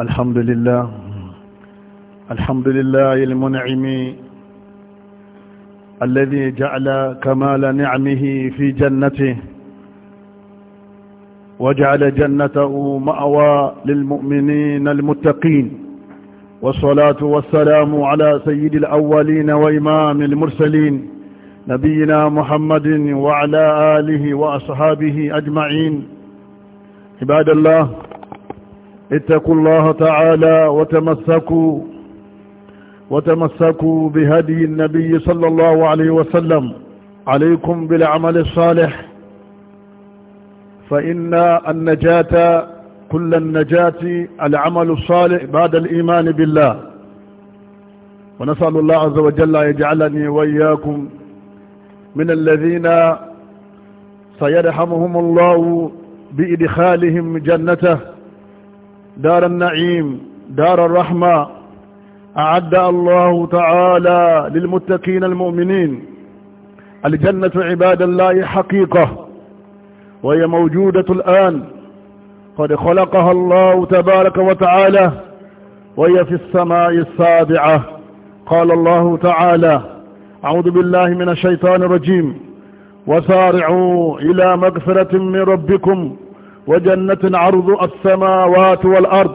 الحمد لله الحمد لله المنعم الذي جعل كمال نعمه في جنته وجعل جنته مأوى للمؤمنين المتقين والصلاة والسلام على سيد الأولين وإمام المرسلين نبينا محمد وعلى آله وأصحابه أجمعين عباد الله اتقوا الله تعالى وتمسكوا وتمسكوا بهدي النبي صلى الله عليه وسلم عليكم بالعمل الصالح فإن النجاة كل النجاة العمل الصالح بعد الإيمان بالله ونسأل الله عز وجل يجعلني وإياكم من الذين سيرحمهم الله بإدخالهم جنته دار النعيم دار الرحمة أعد الله تعالى للمتقين المؤمنين الجنة عباد الله حقيقة وهي موجودة الآن قد خلقها الله تبارك وتعالى وهي في السماء السابعة قال الله تعالى أعوذ بالله من الشيطان الرجيم وسارعوا إلى مغفرة من ربكم وجنة عرض السماوات والأرض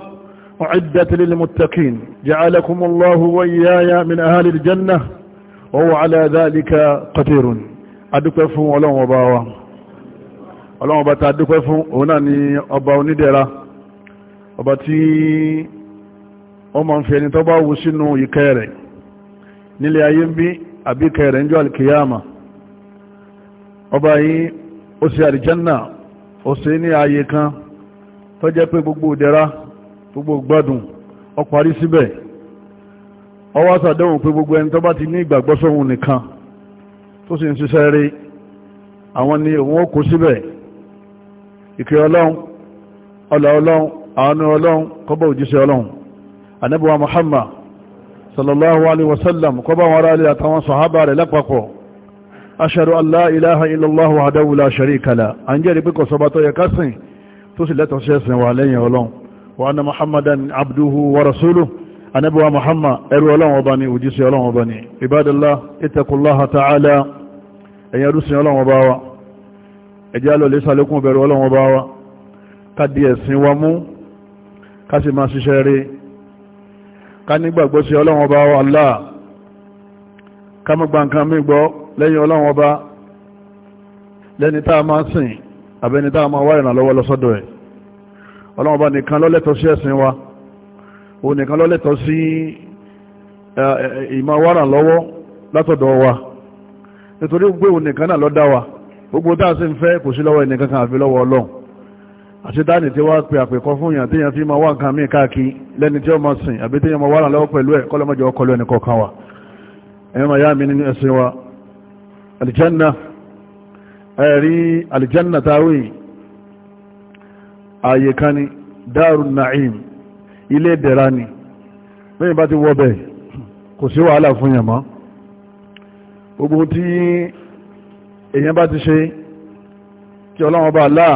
أعدت للمتقين جعلكم الله وإيايا من أهل الجنة وهو على ذلك قدير أدوك فهم ولهم وباوا ولهم وباتا أدوك فهم هناني أباو ندرا وباتي ومن فيني تباو سنو يكيري nílé ayé ń bí àbíkẹ̀ rẹ̀ ń jọ alkiyama ó ṣe ní ààyè kan tó jẹ́ pé gbogbo ìdẹ̀ra gbogbo gbádùn ó parí síbẹ̀ ó wá ṣàdéhùn pé gbogbo ẹni tó bá ti ní ìgbàgbọ́ sóhun nìkan tó sì ń ṣiṣẹ́ rí àwọn ni òun ó kó síbẹ̀ ìkẹ́ ọlọ́run ọlá ọlọ́run àánú ọlọ́run kọ́bọ̀ òjíṣẹ́ ọlọ́run anábíwá Muhammad sallallahu alaihi wasallam kọ́bọ̀ wọn rálẹ̀ àtàwọn sọ̀hábà rẹ̀ lápapọ̀ aṣẹ́rọ aláìláha ilọ́láhù àdáwùlá ṣaríkàlá a ń jẹ́rìí pé kò sọba tó yẹ kásìn tó sì lẹ́tọ̀ ṣẹ́sìn wà lẹ́yìn ọlọ́run wa anna muhammadan abduhu wa rasuluhu anabuwa muhammad ẹrú ọlọ́run ọba ni òjíṣẹ́ ọlọ́run ọba ni ibadallah ittaqullaha ta'ala ẹ̀yin arúsìn ọlọ́run ọba wa ẹjẹ́ alọ́ lè sàlékún bẹ̀rù ọlọ́run ọba wa ká di ẹ̀sìn wa mú ká sì máa ṣiṣẹ́ rí ká nígbàgbọ́ sí ọlọ́run ọba wa Allah ká mọ́ gba nǹkan mí gbọ́ lẹ́yìn ọlọ́run ọba lẹ́ni tá a máa sìn àbẹ́ni tá a máa wá ìrànlọ́wọ́ lọ́sọ́dọ̀ ẹ̀ ọlọ́run ọba nìkan lọ́lẹ́tọ̀ sí ẹ̀sìn wa òun nìkan lọ́lẹ́tọ̀ sí ìmọ̀ wá ìrànlọ́wọ́ látọ̀dọ̀ wa nítorí pé òun nìkan náà ló dá wa gbogbo tá a sì ń fẹ́ kò sí lọ́wọ́ ẹnìkan kan àfi lọ́wọ́ ọlọ́run àti dáàni tí wá pè àpèkọ fún èèyàn téèyàn fi máa wá nǹkan míì káàkiri lẹ́ni tí ó máa sìn àbí téèyàn máa wá ìrànlọ́wọ́ pẹ̀lú ẹ̀ kọ́lọ́mọ́jọ́ ọkọlọ́ ẹnìkọ̀ọ̀kan wa ẹ̀yọ́ màá yá mi nínú ẹ̀sìn wa alìjánná ẹ̀rí alìjánná táwé ààyè kan ni dáàrù na'im ilé dẹ̀ra ni lẹ́yìn bá ti wọ́bẹ̀ kò sí wàhálà fún yàn mọ́ gbogbo tí èyàn bá ti ṣe kí ọlọ́wọ́n bá láà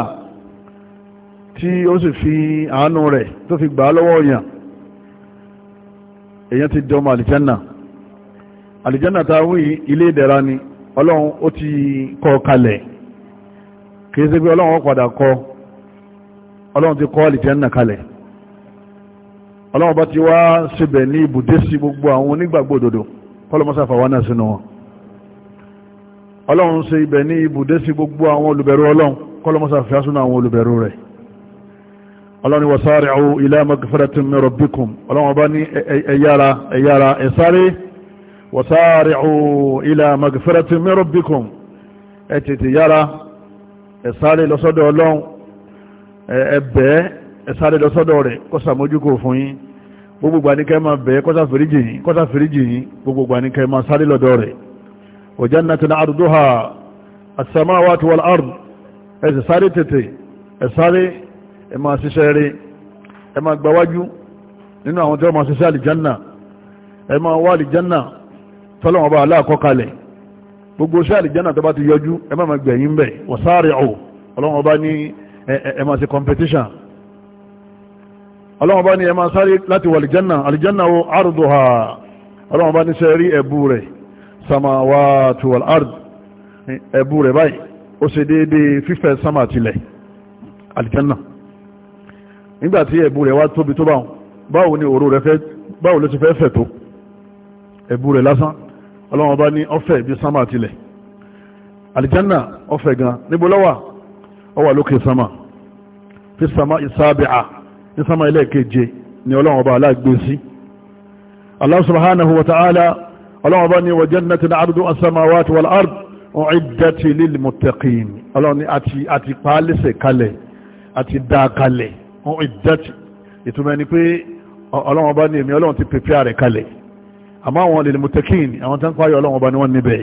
tí ó sì fi àánú rẹ̀ tó fi gbà lọ́wọ́ yàn èyàn ti dọ́mọ alìjánná alìjánná táwé ilé dẹ̀ra ni ọlọ́run ó ti kọ kalẹ̀ kìí pé ọlọ́run padà ọlọ́run ti kọ àlìjẹ́nà kalẹ̀ ọlọ́run bá ti wá síbẹ̀ ní ibùdé sí gbogbo àwọn kọlọmọsá sínú wọn ọlọ́run ṣe ibẹ̀ ní ibùdé sí gbogbo àwọn olùbẹ̀rù ọlọ́run kọlọmọsá sínú àwọn olùbẹ̀rù rẹ̀ ọlọ́run wasari'u ila magfirati min rabbikum ẹ tètè yára ẹ sáré lọ́sọ́dọ̀ ọlọ́run ẹ bẹ̀ ẹ sáré lọ́sọ́dọ̀ rẹ̀ kó sàmójúkò fún yín gbogbo gbà ní kẹ́ máa bẹ̀ kó sàfìríjì yín kó sàfìríjì yín gbogbo gbà ní kẹ́ máa sáré lọ́dọ̀ rẹ̀ wa jannatin arduha as-samawati wal ẹ sì sáré nínú àwọn tí wọ́n máa ṣiṣẹ́ àlìjánà ẹ máa wá àlìjánà tọ́lọ́wọ́n bá aláàkọ́ kalẹ̀ gbogbo sáàlì jẹ́nà tó bá ti yọjú ẹ má ma gbẹ̀yìn bẹ̀ wọ̀sáàrì ọ̀ ọlọ́wọ́n bá ní ẹ ma ṣe competition ọlọ́wọ́n bá ní ẹ ma sáré láti wà alìjẹ́nà alìjẹ́nà wo arduha ọlọ́wọ́n bá ní sẹ́ rí ẹ̀bù rẹ̀ samawatu wal ard ẹ̀bù rẹ̀ ẹ̀bù rẹ̀ lásán ọlọ́wọ́n bá ní ọ̀fẹ́ bí sánmà tilẹ̀ alìjánà ọ̀fẹ́ gan níbo lọ́wà ọwà lókè sánmà fi sánmà ìsáàbìà ní sánmà ilẹ̀ keje ni ọlọ́wọ́n bá aláàgbé sí Allah subhanahu wa ta'ala ọlọ́wọ́n bá ní wa jannatin ardu as-samawati wal ard u'iddat lil muttaqin ọlọ́wọ́n ní àti àti pàálẹ̀sẹ̀ ọlọ́wọ́n ti pèpè rẹ̀ kalẹ̀ àmọ́ àwọn lè mutakin àwọn tán kọ́ ayọ̀ ọlọ́run ọba ni wọ́n níbẹ̀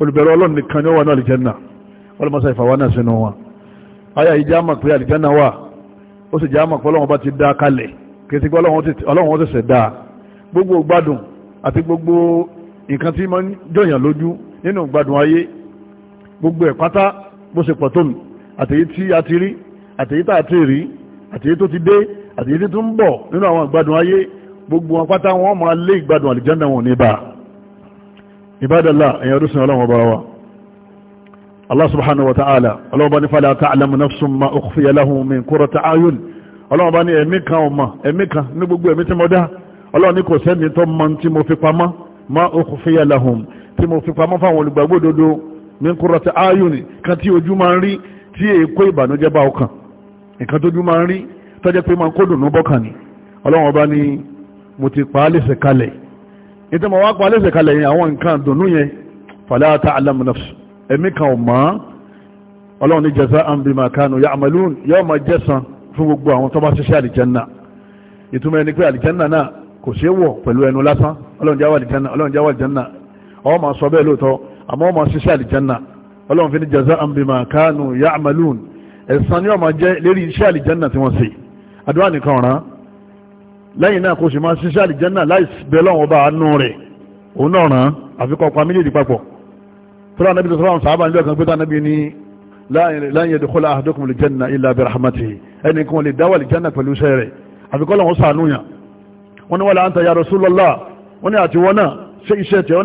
olùbẹ̀rẹ̀ ọlọ́run nìkan ni ó wà ní àlìjẹ́nà ọlọ́mọsá ìfàwọ́ náà sínú wọn ayà yìí jáàmà pé àlìjẹ́nà wà ó sì jáàmà pé ọlọ́run ọba ti dá kalẹ̀ kìí sí pé ọlọ́run ó tẹ̀sẹ̀ dáa gbogbo gbádùn àti gbogbo nǹkan tí máa ń jọyàn lójú nínú gbádùn ayé gbogbo ẹ̀ bó ṣe pọ̀ àtèyí tí a ti rí àtèyí tá a rí àtèyí tó ti dé àtèyí tó ń bọ̀ nínú àwọn gbádùn ayé gbogbo wọn pátá wọn máa lé ìgbádùn àlìjánà wọn ní bá ìbádàlá ẹ̀yàn rúsùn ọlọ́run ọba wa Allah subhanahu wa ta'ala ọlọ́run bá ní fala ta'lamu nafsun ma ukhfiya lahum min qurrati a'yun ọlọ́run bá ní ẹ̀mí kan ọmọ ẹ̀mí ma ń rí tọ́jẹ́ pé máa kó dùnú bọ́kàn ni ọlọ́run ọba ní mo ti pa á lẹ́sẹ̀ kalẹ̀ nítorí mo wá pa á lẹ́sẹ̀ kalẹ̀ yẹn àwọn nǹkan dùnú yẹn fala ta'lamu nafsun ẹ̀mí kan ò mọ́ ọlọ́run ní jaza'an bima kanu ya'malun yóò máa jẹ́sàn fún gbogbo àwọn tó bá ṣiṣẹ́ àlìjẹ́nà ìtumọ̀ ẹni pé àlìjẹ́nà náà kò ṣeé wọ̀ pẹ̀lú ẹnu lásán ọlọ́run jáwọ́ àlìjẹ́nà ọlọ́run jáwọ́ àlìjẹ́nà ọ máa sọ bẹ́ẹ̀ lóòótọ́ àmọ́ lẹ́yìn náà kò sì máa ṣiṣẹ́ àlìjẹ́nà láì bẹ lọ́wọ́ bá àánú rẹ̀ òun náà ràn án àfikọ́ pa méjèèjì papọ̀ tọ́lá anábì tó sọ́wọ́n sàábà níjọ́ kan pé tánàbì ní láyìn yadkhula ahadukum aljanna illa bi rahmatihi ẹnì kan lè dáwà àlìjẹ́nà pẹ̀lú iṣẹ́ rẹ̀ àfikọ́ lọ́wọ́ sàánú yàn wọ́n ní wala anta ya Rasulullah wọ́n ní àti wọ́n náà ṣe iṣẹ́ tẹ̀ wọ́n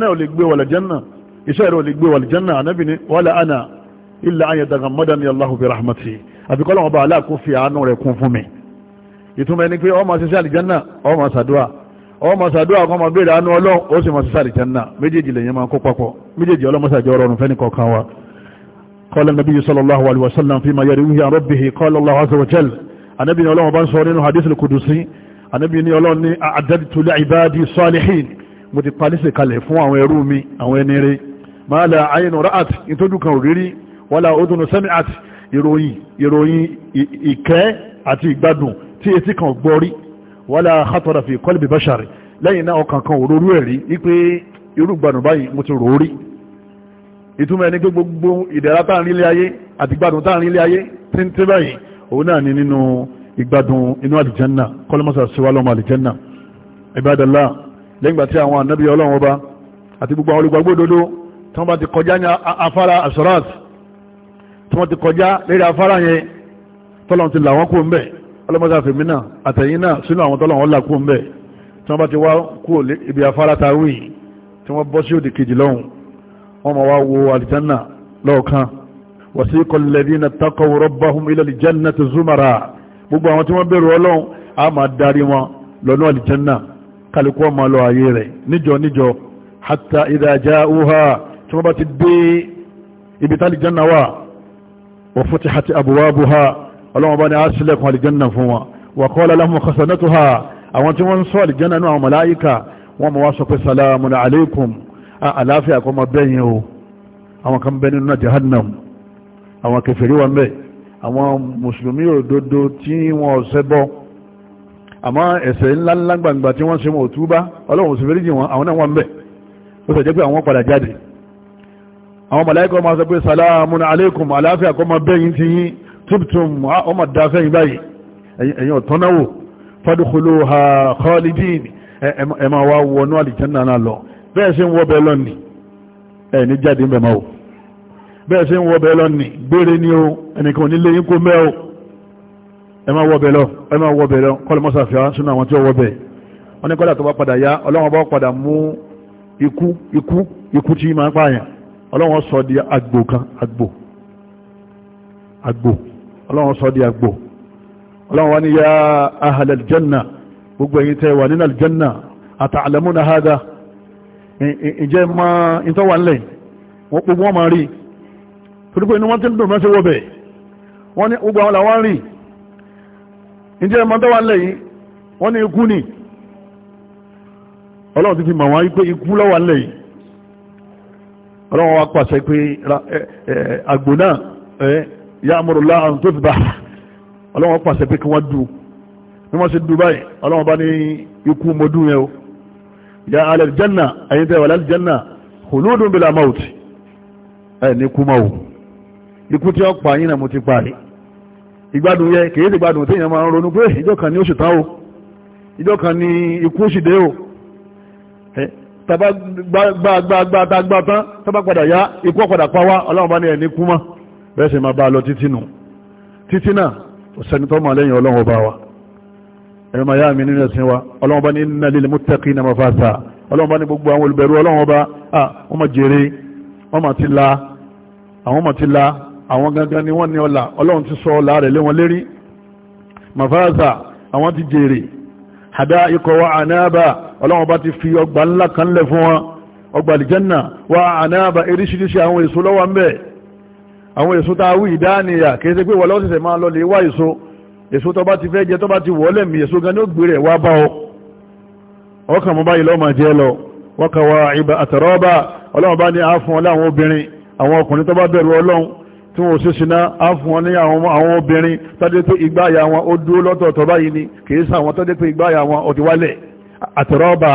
náà bá aláàkó fi àánú rẹ̀ kún fún mi ìtumọ̀ ẹni pé ọmọ ṣiṣẹ́ àlìjánà ọmọ ṣàdúrà ọmọ ṣàdúrà kan máa béèrè àánú ọlọ́run ó sì máa ṣiṣẹ́ àlìjánà méjèèjì lèyàn máa kó papọ̀ méjèèjì ọlọ́mọṣàjọ́ ọrọ̀rùn fẹ́ni kọ̀ọ̀kan wa قال النبي صلى الله عليه وسلم فيما يرويه عن ربه قال الله عز وجل النبي الله بان سورين حديث القدسي النبي الله ني اعددت لعبادي الصالحين مودي قالسي kalẹ̀ fún àwọn ẹrú mi àwọn enire ma la aynu ra'at intodu kan oriri wala udhun sami'at ìròyìn ìròyìn ìkẹ́ àti ìgbádùn tí etí kan gbọ́ rí wala khatara fi qalbi bashari lẹ́yìn náà ọkàn kan òróró ẹ̀rí wípé irú gbàdùn báyìí mo ti rò ó rí ìtumọ̀ ẹni gbogbo ìdẹ̀ra tá à ń rí ilé ayé àti gbàdùn tá à ń rí ilé ayé tí ń tẹ́ báyìí òun náà ni nínú ìgbádùn inú àlìjánná kọ́lọ́mọ́sà síwá lọ́mọ àlìjánná ìbádàlá lẹ́gbà ti là wọ́n kó ń bẹ̀ ọlọ́mọdé àfẹ́mí náà àtẹ̀yìn náà sínú àwọn tọ́lọ̀ wọn làkú ń bẹ̀ tí wọ́n bá ti wá kú ibi afárá ta wí tí wọ́n bọ́ sí òdì kejì lọ́hùn wọ́n máa wá wo àlìjánà lọ́ọ̀kan wasiqa alladhina taqaw rabbahum ila aljannati zumara gbogbo àwọn tí wọ́n bẹ̀rù ọlọ́run wa futihati abwabuha ọlọ́wọ́n bá ní á sílẹ̀kùn àlìjánà fún wọn wà kọ́lá lámù khasanatu ha àwọn tí wọ́n ń sọ àlìjánà náà màláíkà wọ́n mọ̀ wá sọ pé salamu alaikum àlàáfíà kọ́ mọ bẹ́yìn o àwọn kan bẹ nínú jahannam àwọn kẹfẹ̀rí wa mẹ́ àwọn mùsùlùmí òdodo tí wọ́n ṣẹ́ bọ́ àmọ́ ẹ̀ṣẹ̀ ńláńlá gbangba tí wọ́n ṣe wọn ò túbá ọlọ́run tíbtùm ọmọ dáfẹ́ ìbáyìí ẹ̀yìn ọ̀tọ́náwò fadkhuluha khalidin ẹ máa wá wọnú àlìjánà náà lọ bẹ́ẹ̀ sí ń wọ́ bẹ́ẹ̀ lọ́nì ẹni jáde mẹ́mọ́ o bẹ́ẹ̀ sí ń wọ́ bẹ́ẹ̀ lọ́nì gbére ní o ẹnìkan nílé yín kó mẹ́ o ẹ máa wọ́ bẹ́ẹ̀ lọ ẹ máa wọ́ bẹ́ẹ̀ lọ kọ́lẹ̀ mọ́sàfíà sínú àwọn tí ikú ikú ikú ọlọ́run sọ di àgbò ọlọ́run wá ní yá ahlal janna gbogbo ẹ̀yin tẹ́ wà nínú aljanna àtàlẹ́múnà hádá ìjẹ́ ma ìtọ́wà ńlẹ̀ wọ́n gbogbo wọn ma rí torípé inú wọ́n tí ń dùn mẹ́sẹ̀ wọ́bẹ̀ wọ́n ní gbogbo àwọn làwọn rí ìjẹ́ ma tọ́wà ńlẹ̀ yìí wọ́n ní ikú ni ọlọ́run ti fi mọ̀ wọ́n pé ikú lọ́wà ńlẹ̀ yìí ọlọ́run wá pàṣẹ pé àgbò náà ya'muru Allah tó ti bá ọlọ́wọ́n pàṣẹ pé kí wọ́n dùn ní wọ́n sì dùn báyìí ọlọ́wọ́n bá ní ikú mọ́dú yẹn o ya alẹ́ljanna ẹ̀yin tẹ́ wà láljanna khuludun bila maut ẹ̀ ní kú mọ́ o ikú tí wọ́n pa yín náà mo ti parí ìgbádùn yẹ kìí ti gbádùn tí èèyàn máa ń ronú pé eh, ìjọ kan ní oṣù tán o ìjọ kan ní ikú oṣù dé o tàbá gbàgbàgbà tàgbà tán tàbá padà yá ikú ọ̀padà pa wá ọlọ́run bá ní ẹ̀ ní kú mọ́ bẹ́ẹ̀ sì máa bá lọ títí nù títí náà òsẹni tó máa lẹ́yìn ọlọ́run ọba wa ẹ̀rọ máa yá mi nínú ẹ̀sìn wa ọlọ́run ọba ní inna lil muttaqina mafasa ọlọ́run ọba ní gbogbo àwọn olùbẹ̀rù ọlọ́run ọba wọ́n ní ọlà àwọn ti hada ikọ̀ wa anaba ọlọ́run ọba ti fi ọgbà ńlá kan wa anaba eríṣiríṣi àwọn èso lọ́wọ́ ń bẹ́ẹ̀ àwọn èso tá a wí ìdáníyà kìí ṣe pé wọ́n lọ́sẹ̀sẹ̀ máa lọ lè wá èso èso tó bá ti fẹ́ jẹ tó bá ti wọ́ lẹ́mí èso gan ní ó gbèrè wá bá ọ ọkàn mọ́ báyìí lọ́mọ jẹ́ lọ wọ́kàwà ìbà àtàrọ́bà ọlọ́run bá ní àáfún ọláwọn obìnrin àwọn ọkùnrin tó bá bẹ̀rù ọlọ́run tí wọ́n sì síná àáfún ọ ní àwọn obìnrin tọ́dé pé ìgbáyà wọn ó dúró lọ́tọ̀ọ̀tọ̀ báyìí ni kìí sàwọn tọ́dé pé ìgbáyà wọn ó ti wálẹ̀ àtàrọ́bà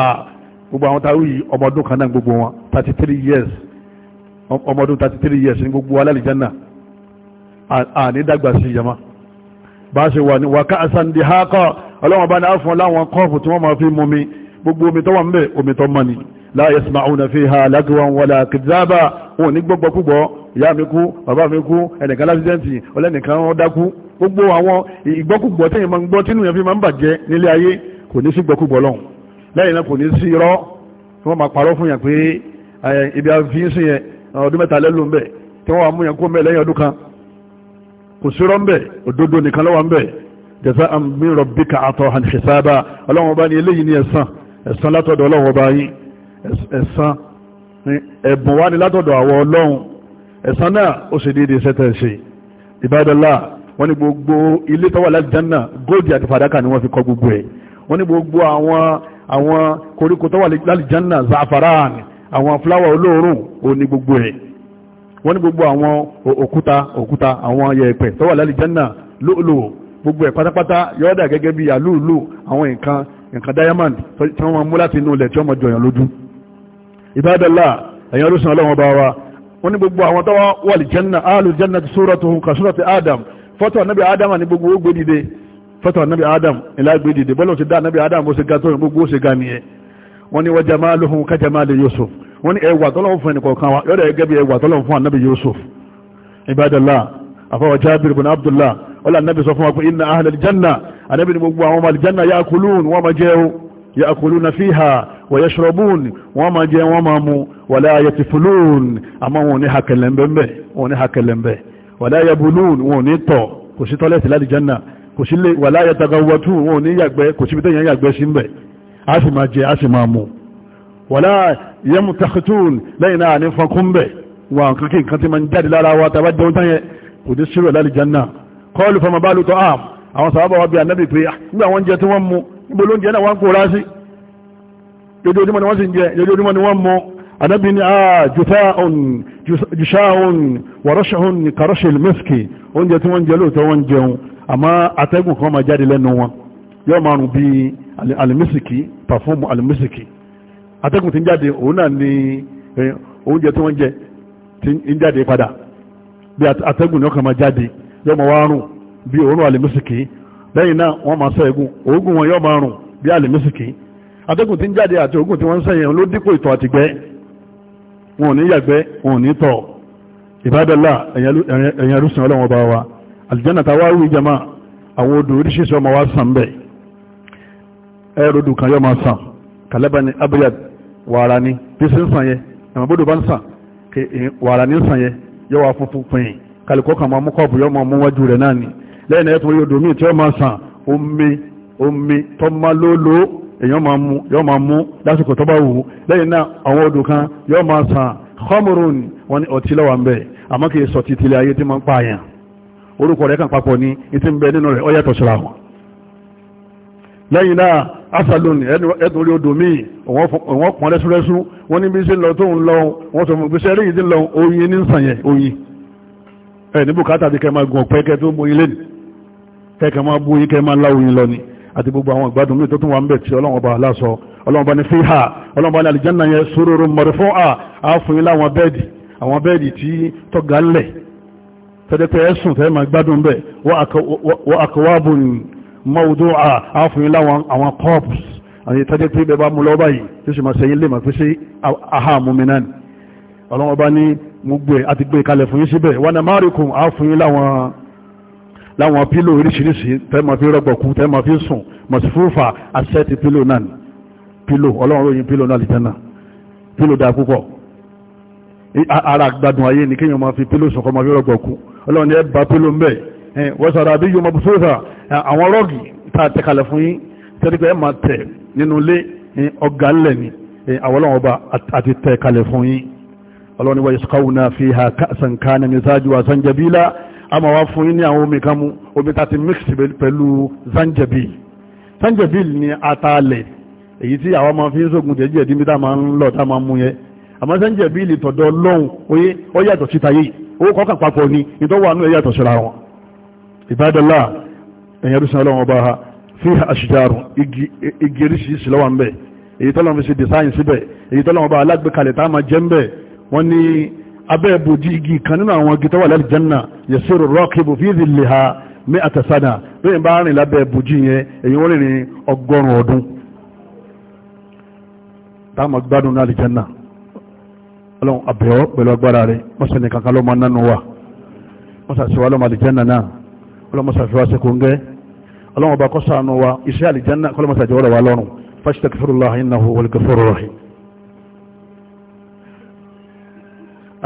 gbogbo àwọn táwí ọmọdún kan náà 33 years ọmọdún 33 years ní gbogbo alálìjánà àní dàgbà sí ìyàmá bá ṣe wà ní wàká àsàndì hákọ́ ọlọ́wọ́n bá ní àfún láwọn kọ́ọ̀fù tí wọ́n máa fi mú mi gbogbo omi tó wà omi tó mọ́ ni la yasma'una fiha lagwan wala kìdzábà wọn ní gbogbo púpọ̀ ìyá mi kú bàbá mi kú ẹnìkan lásìdẹ́ǹtì ọlẹ́nìkan wọn dákú gbogbo àwọn ìgbọ́kùgbọ́ tẹ́yìn máa ń gbọ́ tínú yẹn fi máa ń bàjẹ́ nílé ayé kò ní sí gbọ́kùgbọ́ lọ́hùn lẹ́yìn náà ibi àfihàn yẹn ọdún mẹ́ta lẹ́lò ń bẹ̀ tí wọ́n wà mú yẹn kó mẹ́ lẹ́yìn ọdún kan kò sí rọ́ńbẹ̀ òdodo nìkan lọ́wọ́ ń bẹ̀ jaza'an min rabbika ata'an hisaba ọlọ́wọ́n bá ní eléyìí ní ẹ̀san ẹ̀san látọ̀dọ̀ ọlọ́wọ́n bá yín ẹ̀san ẹ̀bùn wọ́n ni wọ́n fi kọ́ gbogbo ẹ̀ wọ́n ní gbogbo àwọn àwọn koríko tọ́wà láti jánà zafaran àwọn fúláwà olóòórùn ò ní gbogbo ẹ̀ wọ́n ní gbogbo àwọn òkúta òkúta àwọn yẹ̀ẹ̀pẹ̀ tó wà lálìjánà lóòlò gbogbo ẹ̀ pátápátá yọ́ọ́dà gẹ́gẹ́ bí àlúùlù àwọn nǹkan nǹkan diamond tí wọ́n máa mú láti inú ilẹ̀ tí wọ́n máa jọyàn lójú ìbádọ́lá ẹ̀yìn olóṣùn ọlọ́run ọba wa wọ́n ní gbogbo àwọn tó wà lìjánà alùjánà ti suratuhum ka surati adam fọ́tọ̀ nábì adam ní gbogbo ó gbé dìde fọ́tọ̀ nábì adam ìlà gbé dìde bọ́lọ̀ ti dá nábì adam ó ṣe ga tó gbogbo ó ṣe ga nìyẹn wọ́n ní wa jamaluhu ka jamali Yusuf wọ́n ní ẹwà tọ́lọ́wọ́ fún ẹnì kọ̀ọ̀kan wa yọ́dọ̀ ẹgẹ́ bí ẹwà tọ́lọ́wọ́ fún anabi Yusuf ibadallah afawa Jabir bin Abdullah wala anabi sọ fún wa pé inna ahlal janna anabi ni gbogbo àwọn malijanna yaakulun wọ́n ma jẹun yaakuluna fiha wa yashrabun wọ́n ma jẹun wọ́n ma mu wala yatifulun àmọ́ wọn ò ní wọn ò ní hakẹlẹ̀ ńbẹ́ wala wọn ò tọ̀ kò sí tọ́lẹ̀tì láti janna kò sí wala yatagawwatun wọn ò yàgbẹ́ kò síbi tẹ́yàn yàgbẹ́ sí ńbẹ́ a sì máa jẹ a sì máa mú wàlá yẹmù takitun lẹ́yìn náà ní fakúnbẹ̀ wà nǹkan kí nǹkan tí ma ń jáde lára wa tàbá jẹun tán yẹ kò dé sírò lálìjánná kọlù fama bá lùtọ́ àm àwọn sàábà wa bí anábì pé ah, nígbà wọn jẹ tí wọ́n mú níbo ló ń jẹ náà wọ́n kó rá sí lójoojúmọ́ ni sì ń jẹ lójoojúmọ́ ni wọ́n mú anábì ni ah jùsáhùn jùsáhùn wàrọ́ṣahùn kàrọ́ṣe lùmẹ́sìkì oúnjẹ tí wọ́n jẹ lóòótọ́ wọ́n jẹun àmọ́ atẹ́gùn kan máa jáde lẹ́nu wọn yóò máa rùn bí alimisiki pàfọ́ọ̀mù alimisiki atẹ́kùn tí ń jáde òun náà ni oúnjẹ tí wọ́n jẹ tí ń jáde padà bí atẹ́gùn yóò kàn máa jáde yóò máa wá rùn bí òórùn alimisiki lẹ́yìn náà wọ́n máa sọ ẹ̀gùn òógùn wọn yóò máa rùn bí alimisiki atẹ́gùn tí ń jáde àti òógùn tí wọ́n ń sẹ́yìn ló dípò ìtọ̀ àtìgbẹ́ wọn ò ní yàgbẹ́ wọn ò ní tọ̀ ìbádọ́lá ẹ̀yẹrúsìn ọlọ́wọ́n bá wa àlìjánà táwa wí jama àwọn odò oríṣiríṣi ọmọ wa sàn bẹ́ẹ̀ ẹrùdù kan yọ máa sàn kàlẹ́bà ni abiyad wàrà ni bí sí ń sàn yẹ ẹ̀mọ̀bọ́dọ̀ bá ń sàn wàrà ni ń sàn yẹ yọ wà funfun pin kàlùkọ́ kan máa mú kọ́ọ̀bù yọ máa mú wájú rẹ̀ náà ni lẹ́yìn náà ẹ̀tùn odò míì tí yọ máa sàn omi omi tọ́mọ lólo èèyàn máa mú yọ máa mú lásìkò tọ́ba wù lẹ́yìn náà àwọn odò kan yọ máa sàn khamrun wọn ni ọtí lọ́wọ́ ń bẹ̀ àmọ́ kì í sọ títí ayé tí máa ń pààyàn orúkọ rẹ̀ kàn papọ̀ ní ìtí ń bẹ nínú rẹ̀ ọ yàtọ̀ síra wọn lẹ́yìn náà asalóni ẹ̀tùrí odò míì wọ́n pọ̀n lẹ́súrẹ́sú wọ́n ní bí ṣe lọ tó ń lọ wọ́n sọ fún gbéṣẹ́ rí ìdí lọ oyin ní sànyẹ̀ oyin ẹ̀ ní bùkátà ti kẹ máa gùn ọ̀pẹ́ kẹ tó mú ilé kẹkẹ máa bú yín kẹ máa lá oyin lọ ni àti gbogbo àwọn ìgbádùn míì tó tún wà ń bẹ̀ tí ọlọ́run ọba aláṣọ ọlọ́run ọba ní fíhà mawdu'a àáfin láwọn àwọn cups àti tọ́jẹ́ pé bẹ́ẹ̀ bá mú lọ báyìí tí sì máa sẹ́yìn lè máa fi sí aha muminan ọlọ́wọ́ bá ní gbogbo ẹ̀ àti gbé kalẹ̀ fún yín síbẹ̀ wọn na márùkùn àáfin láwọn láwọn pílò oríṣiríṣi tẹ́ máa fi rọgbọ̀kú tẹ́ máa fi sùn mọ̀sífúfà àṣẹ́tì pílò náà pílò ọlọ́run ròyìn pílò náà lìtẹ́nà pílò dáa púpọ̀ ara gbádùn ayé ní kíyàn máa fi pílò sùn kọ́ máa àwọn rọ́ọ̀gì tá a tẹ̀kalẹ̀ fún yín tẹ́lifẹ̀ ẹ̀ máa tẹ̀ nínú ilé ọ̀gá ńlẹ̀ ni àwọn ọlọ́run ọba àti tẹ̀kalẹ̀ fún yín ọlọ́run ni wa yasqawna fiha ka'san kana mizajuha zanjabila a máa wá fún yín ní àwọn omi kan omi tá ti mix pẹ̀lú zanjabil zanjabil ni ataalẹ̀ èyí tí àwọn máa fi ń sógun jẹ́jẹ́ ẹ̀dí mi tá a máa ń lọ tá a máa mú yẹn àmọ́ zanjabil tọ̀dọ̀ ọlọ́run oyé ọ yàtọ̀ síta yìí owó kọ́kàn papọ̀ ni ìtọ́wọ́ àánú ẹ̀ yàtọ̀ síra wọn ìbádọ́lá ẹ̀yẹrú sin ọlọ́wọ́n bá ha fi aṣìjáàrùn igi eríṣiríṣi lọ́wọ́ mbẹ̀ èyí tọ́lọ́ fi ṣe design síbẹ̀ èyí tọ́lọ́ bá alágbèkalẹ̀ tá a máa jẹ́ mbẹ̀ wọ́n ní abẹ́ ìbòjì igi kan nínú àwọn igi tọ́wọ́ láti jẹ́nà yẹ̀sẹ̀rọ̀ rọ́ọ̀kìbù fi ìdí lè ha ní àtẹ̀sánà lóyìn bá rìn lábẹ́ ìbòjì yẹn èyí wọ́n rìn ọgọ́rùn ọdún tá a máa gbádùn náà lè jẹ́nà ọlọ́run àbẹ̀wọ́ pẹ̀lú agbára rẹ̀ mọ́sẹ̀ ọlọ́mọsàfíwá sẹ́kọ̀ọ́ngẹ́ ọlọ́mọba kọ́sàánú wa iṣẹ́ àlìjánná kọlọ́mọsàjọ́wọ́lọ́ wa lọ́rùn fásitẹ́kifirullah innahu wal ghafurur rahim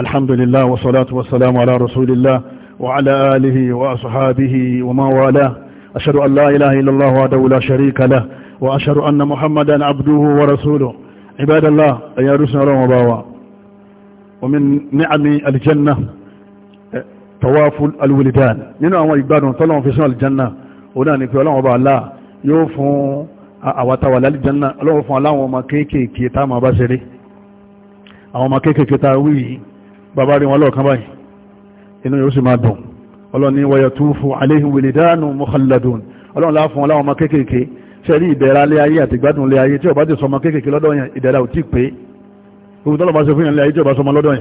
alhamdulillah wa salatu wa salamu ala rasulillah wa ala alihi wa ashabihi wa ma wala ashhadu an la ilaha illallah wa la sharika lah wa ashhadu anna muhammadan abduhu wa rasuluhu ibadallah ayyarusna rawaba wa min tọwáfù alwulidan nínú àwọn ìgbádùn tọ́lọ́wọ́n fi sún alìjanna ó náà ni pé ọlọ́wọ́n bá aláà yóò fún àwàtàwà lálìjanna ọlọ́wọ́n fún aláwọn ọmọ kéékèèké tá máa bá ṣeré àwọn ọmọ kéékèèké tá wí yìí bàbá rí wọn lọ́ọ̀kan báyìí inú yóò sì máa dùn ọlọ́ni wayatufu alayhim wilidanu mukhalladun ọlọ́run láfún aláwọn ọmọ kéékèèké ṣẹ́rí ìdẹ̀ra lé ayé àti ìgbádùn lé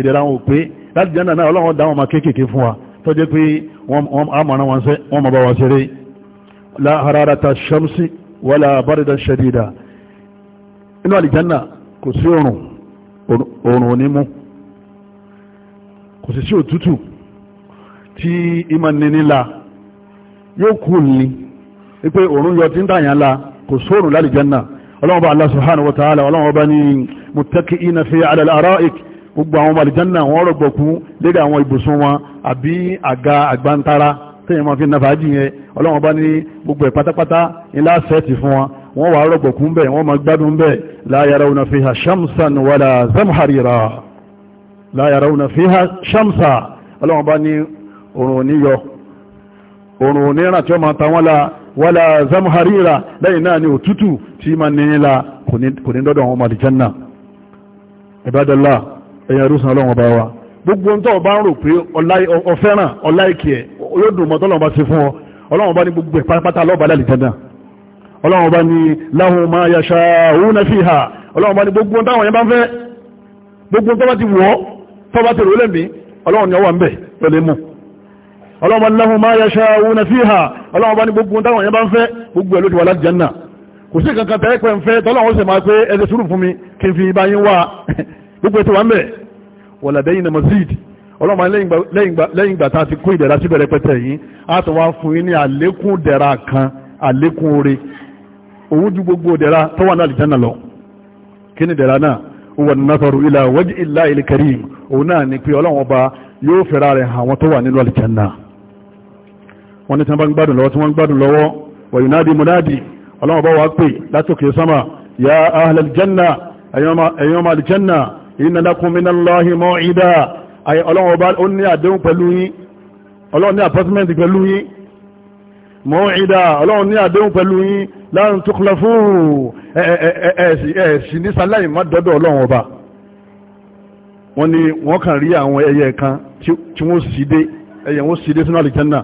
ìdẹ̀ra wọn ò pé láti jẹ́ náà ọlọ́run dáwọn ma kéèkèé fún wa tó jẹ́ pé wọ́n àmàrà wọn sẹ́ wọ́n ma bá wa ṣeré la hararata shamsi wala barida shadida inú àlìjánà kò sí òrùn òrùn onímú kò sì sí òtútù tí ìmọ̀ ní nílá yóò kú ní wípé òrùn yọ tí ń tàyàn la kò sóòrùn lálìjánà ọlọ́run bá Allah subhanahu wa ta'ala ọlọ́run bá ní muttaki'ina fi ala al gbogbo àwọn màlìjánà wọ́n rọ̀gbọ̀kú lérí àwọn ibùsùn wọn àbí àga àgbántara tẹ́yìn máa fi nàfà ájì yẹn ọlọ́wọ́n bá ní gbogbo ẹ̀ pátápátá ńlá sẹ́ẹ̀tì fún wọn wọ́n wà rọ̀gbọ̀kú ń bẹ̀ wọ́n máa gbádùn bẹ̀ la yarawna fiha shamsan wala zamharira la yarawna fiha shamsa ọlọ́wọ́n bá ní òrùn oníyọ òrùn oníràn wala zamharira lẹ́yìn náà ni òtútù la kò ní dọ́dọ̀ àwọn ibadallah ẹ̀yàn rúsan ọlọ́run ọba wa gbogbo ntọ́ ọba ń rò pé ọfẹ́ràn ọláìkì ẹ̀ yóò dùn mọ́ tọ́lọ́run bá ṣe fún ọ ọlọ́run ọba ní gbogbo ẹ̀ pátápátá lọ́ọ̀bà lálẹ́ jẹ́dá ọlọ́run ọba ní lahum ma yasha'una fiha ọlọ́run ọba ní gbogbo táwọn yẹn bá ń fẹ́ gbogbo tọ́ba ti wọ́ tọ́ba ti rò lẹ́mí ọlọ́run ni ọwà ń bẹ̀ pẹ̀lẹ́ mú ọlọ́run ọba ní lahum ma yasha'una fiha ọlọ́run ọba ní gbogbo táwọn bá ń gbogbo ètò wa ń bẹ̀ wọ̀làdẹ́yìn náà mazid ọlọ́mọ lẹ́yìn ìgbà tá a ti kún ìdẹ̀ra síbẹ̀ rẹpẹtẹ yìí a tún wá fún yín ní àlékún ìdẹ̀ra kan àlékún oore òun ju gbogbo ìdẹ̀ra tó wà ní àlìjánnà lọ kí ni ìdẹ̀ra náà wọ́n nazaru ilà wajhi illahi al-karim òun náà ni pé ọlọ́wọ́n ọba yóò fẹ́ra rẹ̀ àwọn tó wà nínú àlìjánnà wọ́n ní tí wọ́n gbádùn lọ́wọ́ tí wọ́n ń gbádùn lọ́wọ́ wa yunadi munadi látòkè sámà ya ahlal janna ìnàdàkùn minallahi maw'ida ọlọ́run ọba ó ní àdéhùn pẹ̀lú yín ọlọ́run ní àpọ́tímẹ́ntì pẹ̀lú yín maw'ida ọlọ́run ní àdéhùn pẹ̀lú yín lan tukhlafu ẹ̀ẹ̀sì ní sáláì má dọ́dọ̀ ọlọ́run ọba wọ́n ní wọ́n kàn rí àwọn ẹyẹ kan tí wọ́n sì dé ẹyẹ wọ́n sì dé sínú àlìjẹ́nà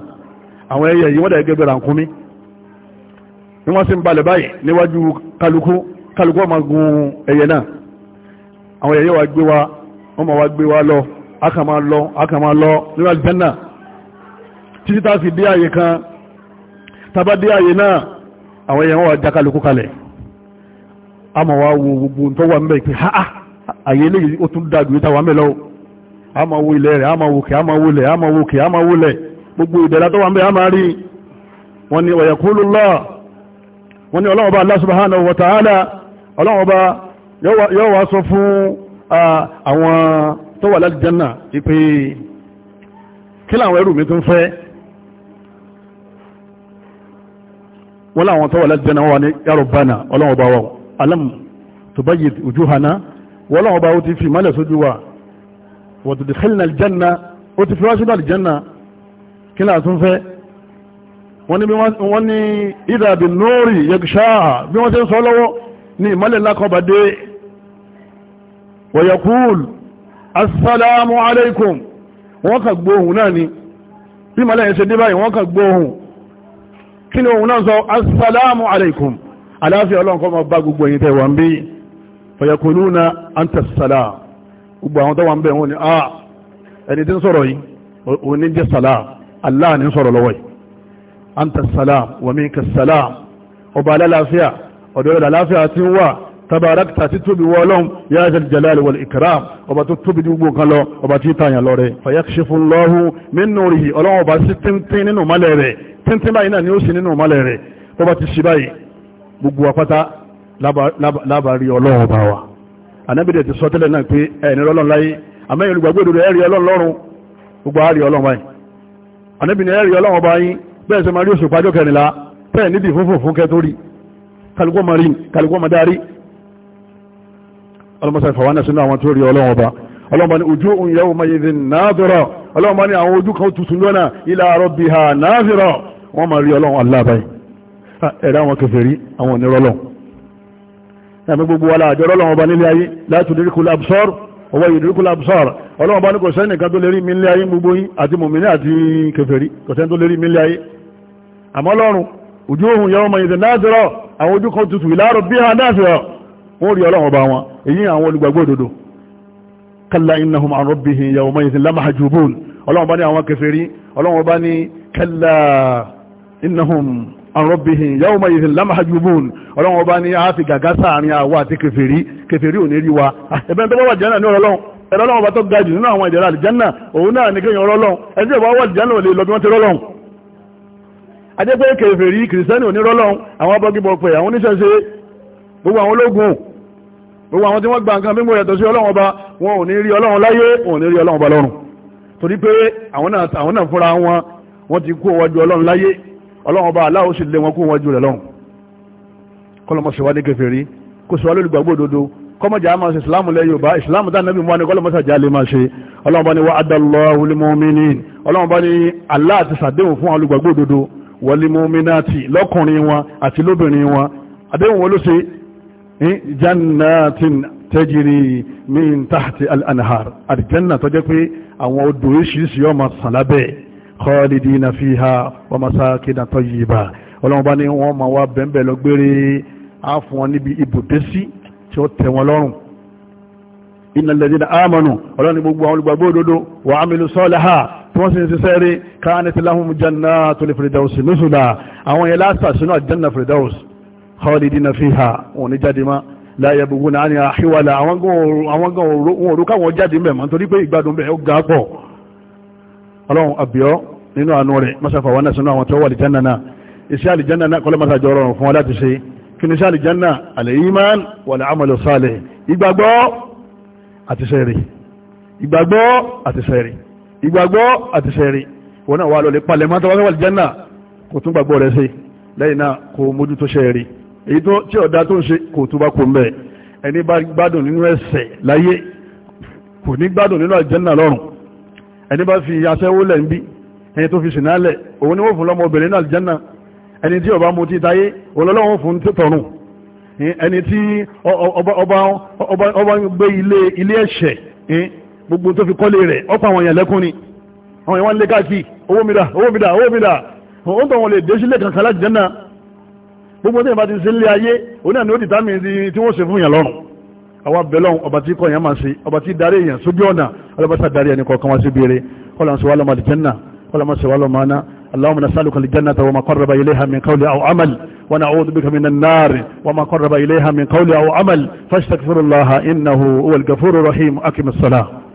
àwọn ẹyẹ yìí dẹ̀ gẹ́gẹ́ rànkúnmí ni wọ́n sì ń balẹ̀ báyìí níwájú kálukú kálukú ọmọ gun ẹyẹ náà àwọn ẹ̀yẹ́ wa gbé wa wọ́n ma wa gbé wa lọ akàmà lọ akàmà lọ níwà jẹ́nà títí tá fi dé àyè kan tàbá dé àyè náà àwọn ẹ̀yẹ́ wa jákàlùkú kalẹ̀ a ma wa wo gbogbo tó wà mẹ́ pé ha àyè eléyìí ó tún dàgbé tàwà mẹ́ lọ a ma wo ilẹ̀ rẹ̀ a ma wo kẹ́ a ma wo lẹ̀ a ma wo kẹ́ a ma wo lẹ̀ gbogbo ìdẹ̀ra tó wà mẹ́ a ma rí wọ́n ni ọ̀yẹ̀kúlùlọ́ wọ́n ni ọlọ́wọ́ bá Allah subhanahu wa ta'ala ọlọ́wọ́ bá yóò wá sọ fún àwọn tó wà láti jẹ́nà ìpé kí láwọn ẹrù mi tún fẹ́ wọ́n láwọn tó wà láti jẹ́nà wà ní yàrò bánà ọlọ́wọ́ bá wà alam tubayyid wujuhana wọ́n láwọn bá ó ti fi mọ́lẹ̀ sójú wa wa tudkhilna wọ́n ní ní ìmọ́lẹ̀ lákọ̀ọ́bàdé wọ̀yẹ̀kúùl assalamu alaikum wọ́n kà gbóhùn náà ni bí mọ́lẹ̀ yẹn ṣe dé báyìí wọ́n kà gbóhùn kí ni òun náà sọ assalamu alaikum aláfíà ọlọ́run kó máa bá gbogbo ẹ̀yin tẹ́ wà ń bí fọ̀yẹ̀kúlúna antasala gbogbo àwọn tó wà ń bẹ̀ ah, ọba alálàáfíà ọ̀dọ̀ rẹ̀ àláfíà ti ń wà tabarakta sí tóbi wọ́lọ́m ya zal jalali wal ikram ọba tó tóbi ní gbogbo kan lọ ọba tí tààyàn lọ rẹ̀ fayakshifullahu min nurihi ọlọ́wọ́ ọba sí tíntín nínú mọ́lẹ̀ rẹ̀ tíntín báyìí náà ni ó sì nínú mọ́lẹ̀ rẹ̀ tó bá ti ṣe báyìí gbogbo apáta lábàárí ọlọ́wọ́ bá wa anábìdẹ̀ ti sọ tẹ́lẹ̀ náà pé ẹni ọlọ́run láyé àmẹ́yìn olùgbàgbé òdòdó ẹ̀rí ọlọ́run lọ́run gbogbo àárí ọlọ́run báyìí anábìdẹ̀ ẹ̀rí ọlọ́run kálukú ọmọ rí kálukú ọmọ darí ọlọ́mọsá ìfàwọ́nà sínú àwọn tó rí ọlọ́wọ́ ọba ọlọ́mọ ni ojú òun yẹ́wò máa yẹ́ náàzọ́rọ̀ ọlọ́mọ ni àwọn ojú kan tuntun lọ́nà ilẹ̀ àárọ̀ bí ha náàzọ́rọ̀ wọ́n máa rí ọlọ́wọ́ aláàbáyé ẹ̀rẹ́ àwọn kèfèrí àwọn onírọ́lọ́ ẹ̀mí gbogbo wala àjọrọ́lọ́wọ́ ọba nílé ayé láti dirikul absar ọwọ́ ìdirikul absar ọlọ́wọ́ ọba ní kò sẹ́ni kan tó lérí mi nílé ayé gbogbo yín àti mùmíní àti kèfèrí kò sẹ́ni tó lérí mi nílé ayé àmọ́ ọlọ́run ojú òun yẹ́wò máa yẹ́ náàzọ́rọ̀ àwọn ojú kan tutù ìlàrọ̀ bí a náà fìyà wọ́n rí ọlọ́run ọba wọn èyí àwọn olùgbàgbọ́ òdodo kalla innahum an rabbihim yawma idhin lamahjubun ọlọ́run bá ní àwọn kèfèrí ọlọ́run bá ní kalla innahum an rabbihim yawma bá ní àáfi gàgá sáàrin àwa àti kèfèrí kèfèrí ò ní rí wa ẹ̀bẹ̀ adépẹ́ kèfèrí kìrìsìtẹ́nì onírọ́lọ́hún àwọn abọ́gibọ̀pẹ̀ àwọn oníṣẹ́ṣe gbogbo àwọn ológun gbogbo àwọn tí wọ́n gba nǹkan mímú yàtọ̀ sí ọlọ́run ọba wọn ò ní laye. ọlọ́run láyé wọn ò ní rí ọlọ́run ọba lọ́run torí na àwọn náà fúnra wọn wọ́n ti kó wájú ọlọ́run láyé ba ọba aláwọ̀ sì lé wọn kó wájú rẹ̀ lọ́run kọlọmọsí wa ní kèfèrí kó sọ alólùgbàgbọ́ òdodo kọmọjà máa ṣe ìsìláàmù lẹ yorùbá ìsìláàmù dáná bí wọn ni kọlọmọsí àjá lè máa ṣe ọlọ́run bá ní wà á dá lọ́wọ́ ba mu'minin ọlọ́run bá ní aláàtìsàdéhùn fún alólùgbàgbọ́ dodo wàlímọ́mínàtì lọ́kùnrin wọn àti lóbìnrin wọn àdéhùn wọn ló ṣe jannatin tajri min tahti al-anhar àdìjánà tó jẹ́ pé àwọn odò oríṣiríṣi ọmọ sàn lábẹ́ khalidina fiha wa masakina tayyiba ọlọ́run bá ní wọ́n máa wá bẹ́ẹ̀bẹ́ẹ̀ lọ gbére wọn níbi ibùdó sí tí ó tẹ́ wọn lọ́rùn innal ladina amanu gbogbo àwọn olùgbàgbọ́ òdodo wa amilu salaha tí wọ́n sì ń ṣiṣẹ́ rí káàní tí láhùn janna tó lè fìrìdáwùsì nùsùlà àwọn yẹn lásà sínú àjẹ́nà fìrìdáwùsì khalidina fiha òní jáde má láyé gbogbo náà ní àhíwálà àwọn gan òun òru káwọn jáde mẹ́mọ́ nítorí pé ìgbádùn bẹ́ẹ̀ ó ga pọ̀ ọlọ́run àbíọ́ nínú àánú rẹ̀ mọ́sàfà ìgbàgbọ́ àtìsẹ̀rí wọn náà wà lọ́lẹ̀ palẹ̀ máa tọ́wọ́ wàlì jẹ́nà kò tún gbàgbọ́ rẹ̀ sí lẹ́yìn náà kò mójú tó ṣe rí èyí tó tí ọ̀dá tó ń ṣe kò tún bá kò ń bẹ̀ ẹni bá gbádùn nínú ẹ̀ṣẹ̀ láyé kò ní gbádùn nínú àjẹ́nà lọ́rùn ẹni bá fi aṣẹ́wó lẹ̀ ń bí ẹni tó fi sìnálẹ̀ òun ni wọ́n fún lọ́mọ obìnrin náà àjẹ́nà ẹni tí ọba mu ti táyé ọlọ́lọ́wọ́n fún tọ̀run ẹni tí ọba gbé ilé ẹ̀ṣẹ̀ gbogbo tó fi kọ́lé rẹ̀ ọ̀pọ̀ àwọn èèyàn lẹ́kún ni àwọn èèyàn wá ń lé káàkiri owó mi dà owó mi dà owó mi dà òun tó wọn lè dé sílé kankan láti jẹ́ náà gbogbo tó yẹn bá ti sílé ayé òun náà ni ó dìtàmì tí wọ́n ṣe fún èèyàn lọ́rùn àwa bẹ̀lọ́n ọba tí kọ̀ọ̀yàn máa ṣe ọba tí darí èèyàn sójú ọ̀nà ọlọ́bàṣà darí ẹni kọ̀ọ̀kan wá bèèrè kọ́lá اللهم نسألك الجنة وما قرب إليها من قول أو عمل ونعوذ بك من النار وما قرب إليها من قول أو عمل فاستغفر الله إنه هو الغفور الرحيم أقم الصلاة